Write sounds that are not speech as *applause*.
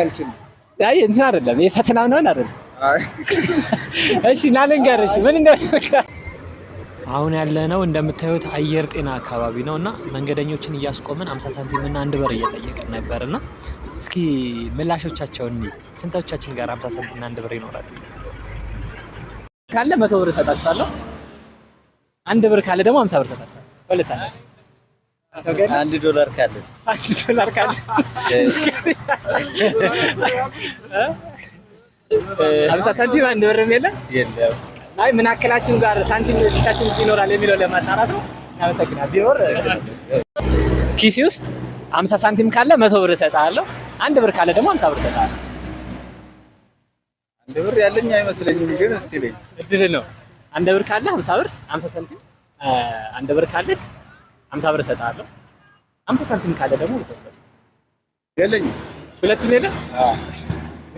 አይ እንትን አይደለም የፈተና ምናምን አይደለም። *laughs* እሺ እና ልንገርሽ ምን እንደ አሁን ነው እንደምታዩት አየር ጤና አካባቢ ነው እና መንገደኞችን እያስቆምን 50 ሳንቲም እና አንድ ብር እየጠየቅን ነበር እና እስኪ ምላሾቻቸውን እ ስንቶቻችን ጋር 50 ሳንቲም እና አንድ ብር ይኖራል? ካለ መቶ ብር እሰጣችኋለሁ። አንድ ብር ካለ ደግሞ 50 ብር እሰጣችኋለሁ። አንድ ዶላር ካለስ አንድ ዶላር ካለ ሀምሳ ሳንቲም አንድ ብርም የለም የለም። አይ ምን አክላችን ጋር ሳንቲም ኪሳችን ውስጥ ይኖራል የሚለው ለማጣራት ነው። ያመሰግናል። ቢኖር ኪሲ ውስጥ ሀምሳ ሳንቲም ካለ መቶ ብር እሰጥሃለሁ። አንድ ብር ካለ ደግሞ ሀምሳ ብር እሰጥሃለሁ። አንድ ብር ያለኝ አይመስለኝም፣ ግን እስቲ እድል ነው። አንድ ብር ካለ ሀምሳ ብር ሀምሳ ሳንቲም አንድ ብር ካለ ሀምሳ ብር እሰጥሃለሁ። ሀምሳ ሳንቲም ካለ ደግሞ የለኝም። ሁለቱም አዎ